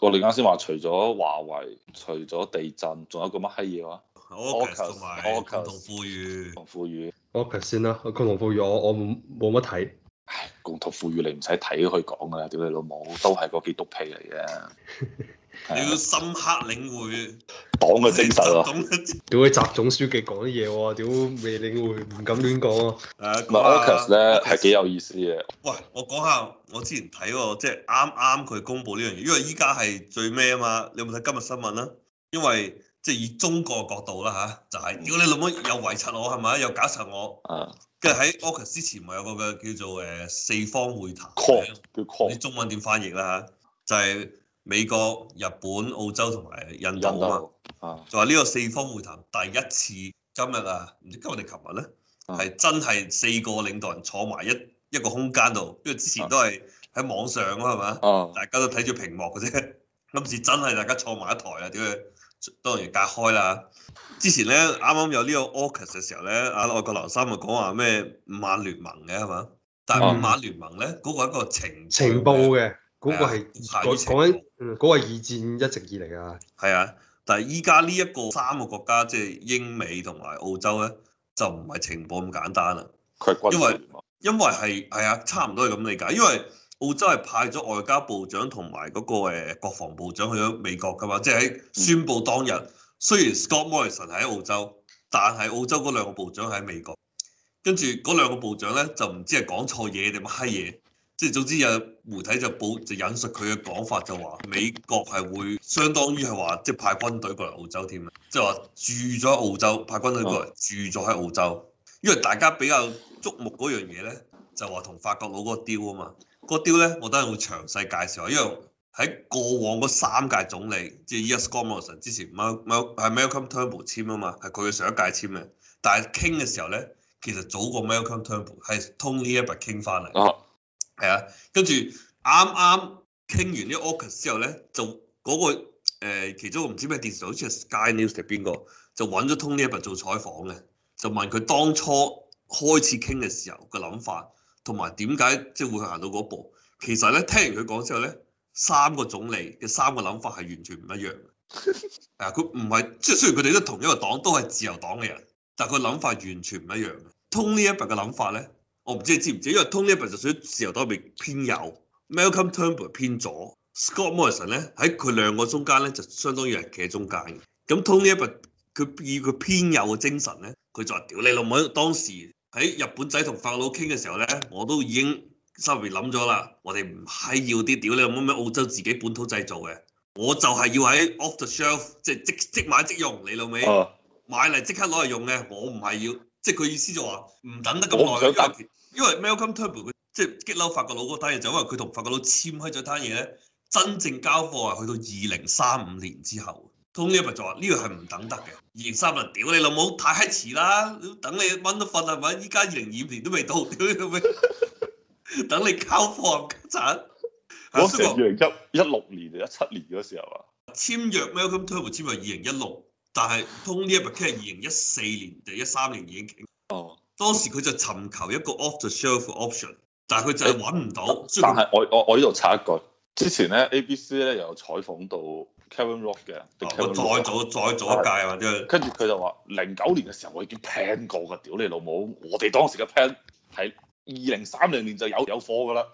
我哋啱先話除咗華為，除咗地震，仲有個乜閪嘢話？AUKUS 同埋 AUKUS 同富裕，同富裕。AUKUS 先啦，佢同富裕我我冇乜睇。共同富裕你唔使睇佢講㗎啦，屌你老母都係個基督徒嚟嘅。 你要深刻領會黨嘅精神咯，屌佢習總書記講嘢喎，屌未領會唔敢亂講啊。誒，AUKUS 咧係幾有意思嘅。喂，我講下我之前睇喎，即係啱啱佢公布呢樣嘢，因為依家係最咩啊嘛。你有冇睇今日新聞啦？因為即係、就是、以中國角度啦吓、啊、就係、是、如果你諗到又圍殺我係咪又搞殺我，跟住喺 AUKUS，、啊、 之前咪有個嘅叫做誒四方會談 call 叫 call，你中文點翻譯啦就係。叫做 美國、日本、澳洲同埋印度啊度，就話呢個四方會談第一次今日啊，唔知今日定琴日咧，係真係四個領導人坐埋一一個空間度，因為之前都係喺網上啊，係嘛？哦，大家都睇住屏幕嘅啫，今次真係大家坐埋一台啊，點啊？當然隔開啦。之前咧，啱啱有呢個 AUKUS 嘅時候咧，啊外國劉三咪講話咩五眼聯盟嘅係嘛？但係五眼聯盟咧，嗰、那個一個情、嗯、情報嘅。嗰個係嗰講二戰一直以嚟啊，係啊，但係依家呢一個三個國家即係英美同埋澳洲咧，就唔係情報咁簡單啦。因為因為係係啊，差唔多係咁理解，因為澳洲係派咗外交部長同埋嗰個誒國防部長去咗美國㗎嘛，即係喺宣佈當日，雖然 Scott Morrison 喺澳洲，但係澳洲嗰兩個部長喺美國，跟住嗰兩個部長咧就唔知係講錯嘢定乜閪嘢。即係總之，有媒體就報就引述佢嘅講法，就話美國係會相當於係話，即係派軍隊過嚟澳洲添啊！即係話駐咗喺澳洲，派軍隊過嚟駐咗喺澳洲。因為大家比較矚目嗰樣嘢咧，就話同法國佬嗰個雕啊嘛。個雕咧，我等會會詳細介紹，因為喺過往嗰三屆總理，即係 Scott Morrison 之前係 Malcolm Turnbull 簽啊嘛，係佢上一屆簽嘅。但係傾嘅時候咧，其實早過 Malcolm Turnbull 係通呢一步傾翻嚟。係啊，跟住啱啱傾完啲 AUKUS 之後咧，就嗰、那個、呃、其中個唔知咩電視好似係 Sky News 定邊個，就揾咗 Tony Abbott 做採訪嘅，就問佢當初開始傾嘅時候嘅諗法，同埋點解即係會行到嗰步。其實咧，聽完佢講之後咧，三個總理嘅三個諗法係完全唔一樣嘅。係啊，佢唔係即係雖然佢哋都同一個黨，都係自由黨嘅人，但係佢諗法完全唔一樣嘅。Tony Abbott 嘅諗法咧。我唔知你知唔知，因為 Tony Abbott 就屬於自由多邊偏右，Malcolm Turnbull 偏左，Scott Morrison 咧喺佢兩個中間咧就相當於係企喺中間嘅。咁 Tony Abbott 佢以佢偏右嘅精神咧，佢就話：屌你老母！當時喺日本仔同法佬傾嘅時候咧，我都已經稍微諗咗啦。我哋唔係要啲屌你老母咩澳洲自己本土製造嘅，我就係要喺 off the shelf，即係即即買即用。你老味，買嚟即刻攞嚟用嘅，我唔係要。即係佢意思就話唔等得咁耐。因為 Turnbull,、就是、因為 Malcolm Turnbull 佢即係激嬲法國佬嗰單嘢，就因為佢同法國佬簽開咗單嘢咧，真正交貨係去到二零三五年之後。Tony 就話呢、這個係唔等得嘅。二零三零屌你老母太遲啦！等你蚊都瞓啊咪？依家二零二五年都未到，屌你等你交貨啊！我成二零一一六年、一七年嗰時候啊，簽約 Malcolm Turnbull 簽係二零一六。但係通呢一個 case 二零一四年定一三年已經傾。哦我。當時佢就尋求一個 off the shelf option，但係佢就係揾唔到。但係我我我依度插一句，之前咧 A B C 咧又有採訪到 Kevin Rock 嘅。啊，再早再早一屆或者。跟住佢就話：零九年嘅時候我已經 plan 過㗎，屌你老母！我哋當時嘅 plan 係二零三零年就有有貨㗎啦。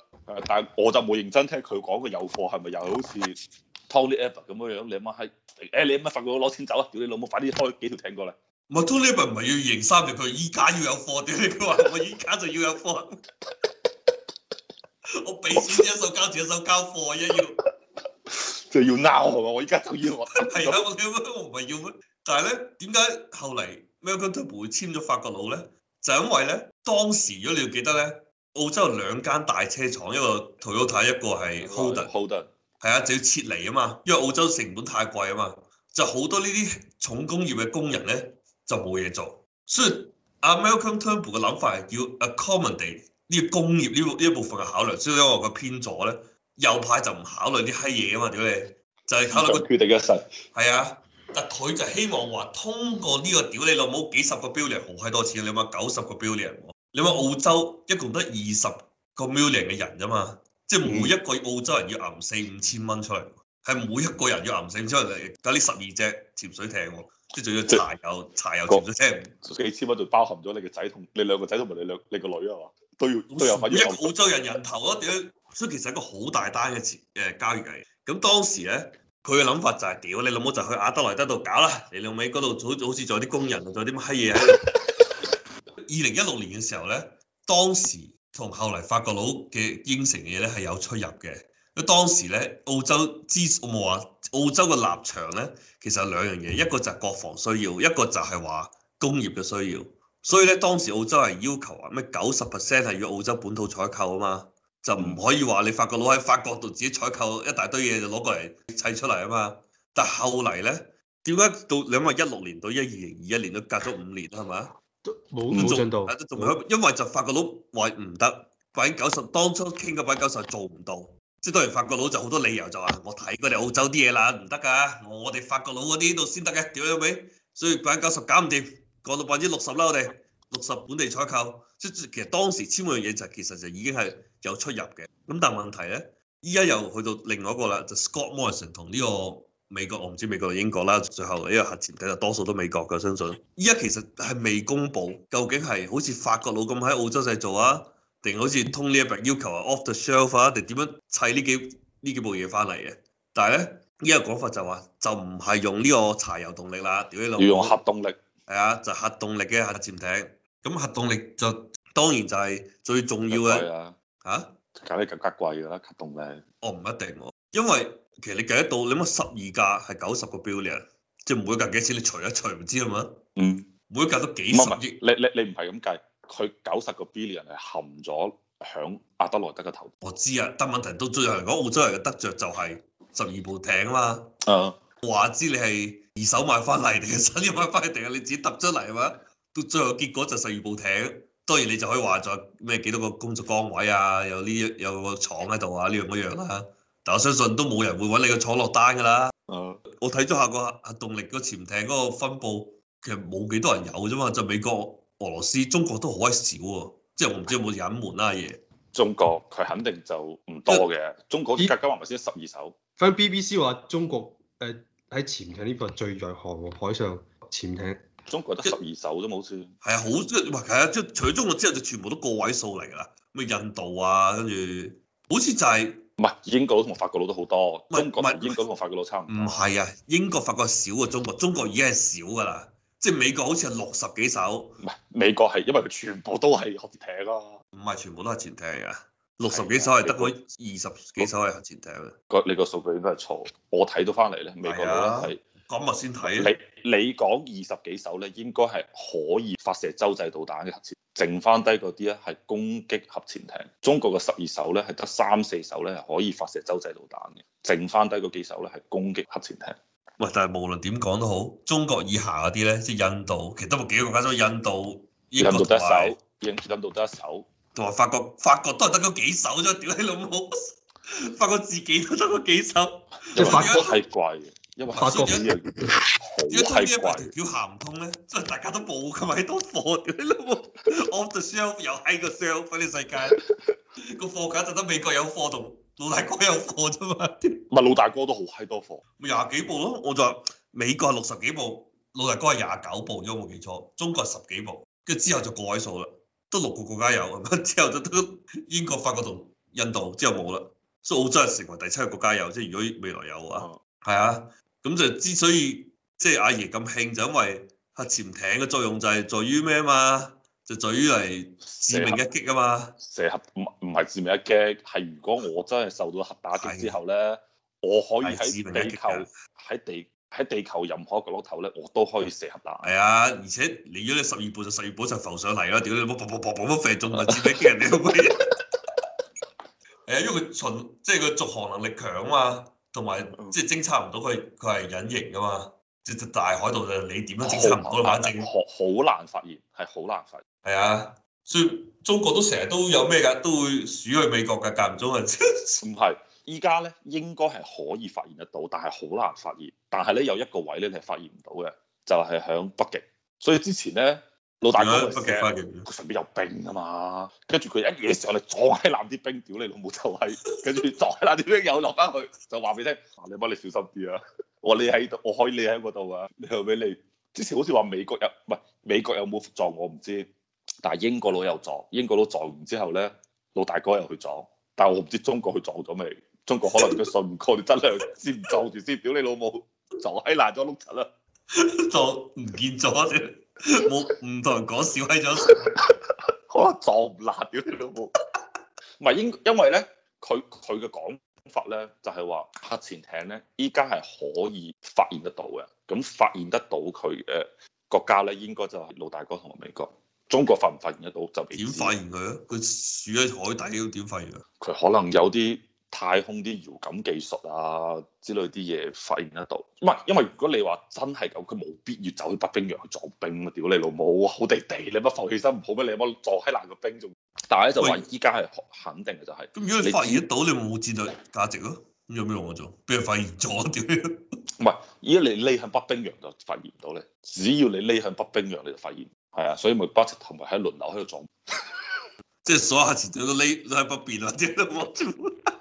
但係我就冇認真聽佢講個有貨係咪又好似。Tony Abbott 咁嘅樣，你阿媽閪，誒你阿媽法國攞錢走啊！叫你老母快啲開幾條艇過嚟。唔係 Tony Abbott，唔係要二零三零，佢依家要有貨。屌你話我依家就要有貨？我俾錢，一手交錢，一手交貨一樣。要 就要 now 好嘛？我依家就要啊！係啊，我點解我唔係要，但係咧，點解後嚟 Malcolm 唔會簽咗法國佬咧？就因為咧，當時如果你要記得咧，澳洲有兩間大車廠，一個 Toyota，一個係 Holden。係啊，就要撤離啊嘛，因為澳洲成本太貴啊嘛，就好多呢啲重工業嘅工人咧就冇嘢做。雖然阿 Malcolm Turnbull 嘅諗法係要 accommodate 呢個工業呢呢一部分嘅考量，所以因為佢偏左咧，右派就唔考慮呢閪嘢啊嘛，屌你，就係、是、考慮個決定嘅神。係啊，但佢就希望話通過呢個屌你老母幾十個 billion 好閪多錢，你話九十個 billion，你話澳洲一共得二十個 million 嘅人咋嘛？即係每一個澳洲人要揞四五千蚊出嚟，係每一個人要揞四五千出嚟，搞呢十二隻潛水艇，即係仲要柴油，柴油錢嘅啫。幾千蚊就包含咗你個仔同你兩個仔同埋你兩你個女啊嘛，都要都有。即係澳洲人人頭啊屌！所以其實係一個好大單嘅誒交易嚟。咁當時咧，佢嘅諗法就係、是、屌你諗，我就去阿德萊德度搞啦，你南美嗰度，好似仲有啲工人，仲有啲乜閪嘢。二零一六年嘅時候咧，當時。同後嚟法國佬嘅應承嘅嘢咧係有出入嘅，因為當時咧澳洲之我冇話澳洲嘅立場咧，其實兩樣嘢，嗯、一個就係國防需要，一個就係話工業嘅需要，所以咧當時澳洲係要求話咩九十 percent 係要澳洲本土採購啊嘛，就唔可以話你法國佬喺法國度自己採購一大堆嘢就攞過嚟砌出嚟啊嘛，但後嚟咧點解到因為一六年到一二零二一年都隔咗五年啦係嘛？冇冇進，進，進因為就法國佬話唔得，百分之九十當初傾嘅百分之九十做唔到，即係當然法國佬就好多理由就話我睇佢哋澳洲啲嘢啦，唔得㗎，我哋法國佬嗰啲度先得嘅，點樣俾，所以百分之九十搞唔掂，過到百分之六十啦我哋，六十本地採購，即係其實當時簽嗰樣嘢就其實就已經係有出入嘅，咁但係問題咧，依家又去到另外一個啦，就 Scott Morrison 同呢個。美國，我唔知美國定英國啦，最後呢個核潛艇就多數都美國噶相信依家其實係未公布究竟係好似法國佬咁喺澳洲製造啊，定好似通呢一筆要求啊 off the shelf 啊，定點樣砌呢幾呢幾部嘢翻嚟嘅。但係咧呢個講法就話就唔係用呢個柴油動力啦，屌你老母，要用核動力，係啊，就核動力嘅核潛艇，咁核動力就當然就係最重要嘅，係啊，吓，搞嚟更加貴噶啦，核動力，我唔一定。因為其實你計得到，你諗十二架係九十個 billion，即係每一架幾錢？你除一除唔知係咪？嗯，每一架都幾十億。你你你唔係咁計，佢九十個 billion 係含咗響阿德萊德嘅頭。我知啊，得問題到最後嚟講，澳洲人嘅得着就係十二部艇啊嘛。啊、嗯！話知你係二手買翻嚟定係新嘅買翻嚟啊？你自己揼出嚟係咪？ 到最後結果就十二部艇，當然你就可以話咗咩幾多個工作崗位啊，有呢有個廠喺度啊，呢樣嗰樣啦。但我相信都冇人會搵你個廠落單噶啦。嗯，我睇咗下個核動力個潛艇嗰個分佈，其實冇幾多人有啫嘛，就美國、俄羅斯、中國都好閪少。即係我唔知有冇隱瞞啦嘢。中國佢肯定就唔多嘅。嗯、中國依家今話咪先十二艘。咁 B B C 話中國誒喺潛艇呢 part 最在行喎，海上潛艇。中國得十二艘都冇算。好似。係啊，好即係，係啊，即係除咗中國之後，就全部都個位數嚟噶啦。咩印度啊，跟住好似就係、是。唔係英國佬同法國佬都好多，唔係是英國同法國佬差唔多。唔係啊，英國法國少過中國，中國已經係少噶啦。即係美國好似係六十幾艘，唔係美國係因為佢全部都係核潛艇咯、啊。唔係全部都係潛艇嘅、啊，六十幾艘係得嗰二十幾艘係核潛艇。個你個數據應該係錯，我睇到翻嚟咧，美國佬係咁我先睇。你你講二十幾艘咧，應該係可以發射洲際導彈嘅核剩翻低嗰啲咧係攻擊核潛艇，中國嘅十二艘咧係得三四艘咧係可以發射洲際導彈嘅，剩翻低嗰幾艘咧係攻擊核潛艇。喂，但係無論點講都好，中國以下嗰啲咧，即係印度，其實都冇幾多國家，所以印度，印度得一艘同埋，印度得一艘，同埋法國，法國都係得嗰幾艘啫，屌你老母，法國自己都得嗰幾艘，即係法國係貴嘅。因為跨國企業， 如果中呢一百條橋行唔通咧，即係大家都冇咁喺多貨嘅啦喎。 Off the shelf 又閪個 shelf，呢世界、那個貨架就得美國有貨同老大哥有貨啫嘛。唔係老大哥都好閪多貨，廿幾 部咯，我就話美國係六十幾部，老大哥係廿九部，如果冇記錯，中國係十幾部，跟住之後就個位數啦，得六個國家有，之後都英國、法國同印度之後冇啦，所以澳洲真係成為第七個國家有，即係如果未來有、mm hmm. 啊，係啊。咁就之所以即係阿爺咁興，就因為核潛艇嘅作用就係在於咩啊嘛？就在於係致命一擊啊嘛！射核唔，唔係致命一擊，係如果我真係受到核打擊之後咧，是的 我可以喺地球喺地喺地球任何一個碌頭咧，我都可以射核彈。係啊，而且你如果咧十二步就十二步就浮上嚟啦，屌你冇啵啵啵啵乜肥仲嚟接俾人哋？誒， 因為佢巡即係佢續航能力強啊嘛。同埋即係偵察唔到佢，佢係隱形㗎嘛？即係大海度就你點都偵察唔到，反正學好難發現，係好難發現。係啊，所以中國都成日都有咩㗎，都會鼠去美國㗎，間唔中啊。唔 係，依家咧應該係可以發現得到，但係好難發現。但係咧有一個位咧，你係發現唔到嘅，就係、係、響北極。所以之前咧。老大哥佢上邊有冰啊嘛，跟住佢一嘢上嚟撞喺爛啲冰，屌你老母就係、是，跟住撞喺爛啲冰又落翻去，就話俾你聽、啊，你幫你小心啲啊。我你喺度，我可以你喺嗰度啊。你話俾你，之前好似話美國有，唔係美國有冇撞我唔知，但係英國佬又撞，英國佬撞完之後咧，老大哥又去撞，但係我唔知中國去撞咗未？中國可能佢信唔過啲質量，先唔撞住先，屌你老母撞喺爛咗碌柒啦，撞唔見咗先。冇唔同人講笑，喺咗，可能撞唔爛啲都冇。唔係，因因為咧，佢佢嘅講法咧，就係話核潛艇咧，依家係可以發現得到嘅。咁發現得到佢嘅國家咧，應該就係老大哥同埋美國。中國發唔發現得到就點發現佢？佢住喺海底，點發現佢？佢可能有啲。太空啲遙感技術啊之類啲嘢發現得到，唔係因為如果你話真係咁，佢冇必要走去北冰洋去撞冰啊！屌你老母，好地地，你乜浮起身唔好咩？你乜撞喺南個冰仲？但係就話依家係肯定嘅就係、是。咁如果你發現到，你冇戰略價值咯，咁有咩用啊？用做俾人發現咗，屌！唔係，如果你匿向北冰洋就發現唔到咧。只要你匿向北冰洋，你就發現係啊。所以咪不斷同埋喺輪流喺度撞，即係 所有前長都匿匿喺北邊啊！屌你老母。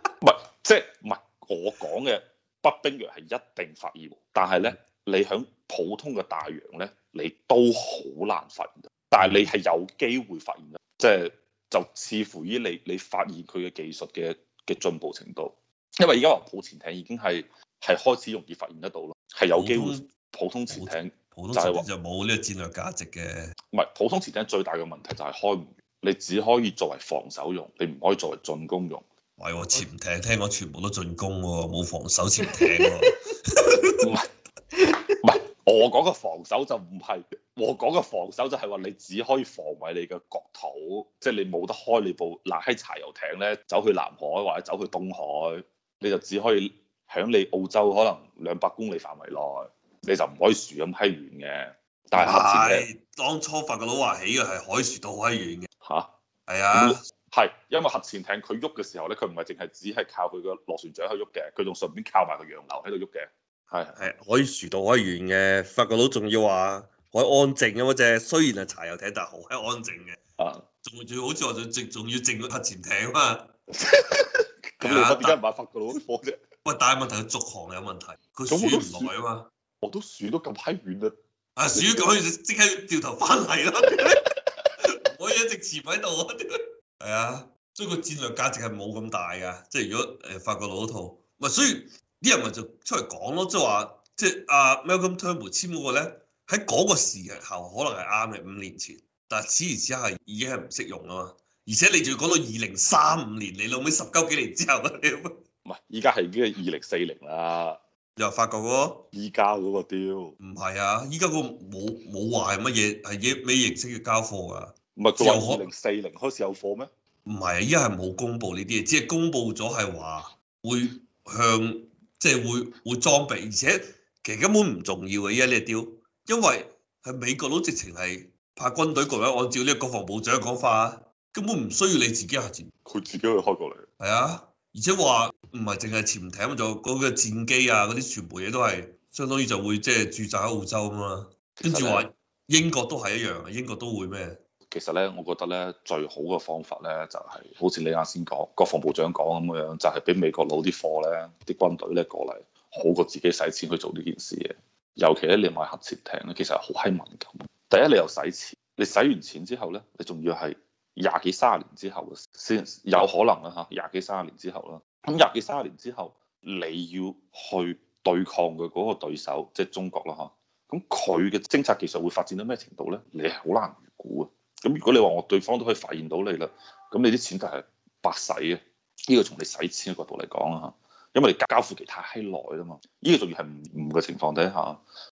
即係唔係我講嘅北冰洋係一定發現，但係咧，你喺普通嘅大洋咧，你都好難發現。但係你係有機會發現嘅，即係就視乎於你你發現佢嘅技術嘅嘅進步程度。因為而家話普通潛艇已經係係開始容易發現得到咯，係有機會普通潛艇，就係，潛艇就係就冇呢個戰略價值嘅。唔係普通潛艇最大嘅問題就係開唔完，你只可以作為防守用，你唔可以作為進攻用。係喎、哎，潛艇聽講全部都進攻喎，冇防守潛艇喎、啊。 唔係，唔係，我講嘅防守就唔係，我講嘅防守就係話你只可以防衞你嘅國土，即、就、係、是、你冇得開你部嗱喺柴油艇咧走去南海或者走去東海，你就只可以喺你澳洲可能兩百公里範圍內，你就唔可以樹咁閪遠嘅。但係，唔係、哎，當初法國佬話起嘅係海樹都閪遠嘅。吓？係啊。係，因為核潛艇佢喐嘅時候咧，佢唔係淨係只係靠佢個螺旋槳去喐嘅，佢仲順便靠埋個洋流喺度喐嘅。係係，可以樹到可以遠嘅，法國佬仲要話可以安靜嘅嗰隻，雖然係柴油艇，但係好係安靜嘅。啊！仲要好似話仲仲仲要靜到核潛艇嘛？咁 你而家唔買法國佬啲貨啫？喂，但係問題佢續航有問題，佢船唔耐啊嘛，我都船到咁閪遠啊，啊，船咗佢，即刻掉頭翻嚟啦，唔 可以一直持喺度係啊，所以個戰略價值係冇咁大噶，即係如果誒法國佬套，咪所以啲人咪就出嚟講咯、就是，即係話，即係阿 Malcolm Turnbull 簽嗰個咧，喺嗰個時日後可能係啱嘅，五年前，但係此時此刻係已經係唔識用啊嘛，而且你仲要講到二零三五年，你老尾十幾年之後啊，你唔係依家係已經二零四零啦，又法國喎，依家嗰個屌，唔係啊，依家嗰個冇冇壞乜嘢，係以美元形式嘅交貨啊。有可能四零開始有貨咩？唔係一係冇公佈呢啲嘢，只係公佈咗係話會向即係、就是、會會裝備，而且其實根本唔重要嘅，依家呢一啲，因為喺美國佬直情係派軍隊過嚟，按照呢個國防部長講法根本唔需要你自己核潛，佢自己會開過嚟。係啊，而且話唔係淨係潛艇，就嗰個戰機啊，嗰啲全部嘢都係相當於就會即係、就是、駐紮喺澳洲咁嘛。跟住話英國都係一樣，英國都會咩？其實咧，我覺得咧最好嘅方法咧就係、是、好似你啱、啊、先講，國防部長講咁樣，就係、是、俾美國攞啲貨咧，啲軍隊咧過嚟，好過自己使錢去做呢件事嘅。尤其咧，你買核潛艇咧，其實好閪敏感。第一，你又使錢，你使完錢之後咧，你仲要係廿幾三十年之後先有可能啦嚇，廿幾三十年之後啦。咁廿幾三十年之後，你要去對抗佢嗰個對手，即、就、係、是、中國啦嚇。咁佢嘅偵察技術會發展到咩程度咧？你係好難預估啊！咁如果你話我對方都可以發現到你啦，咁你啲錢就係白使嘅，呢個從你使錢嘅角度嚟講啊，因為你交付期太耐啦嘛，呢個仲要係唔唔嘅情況底下。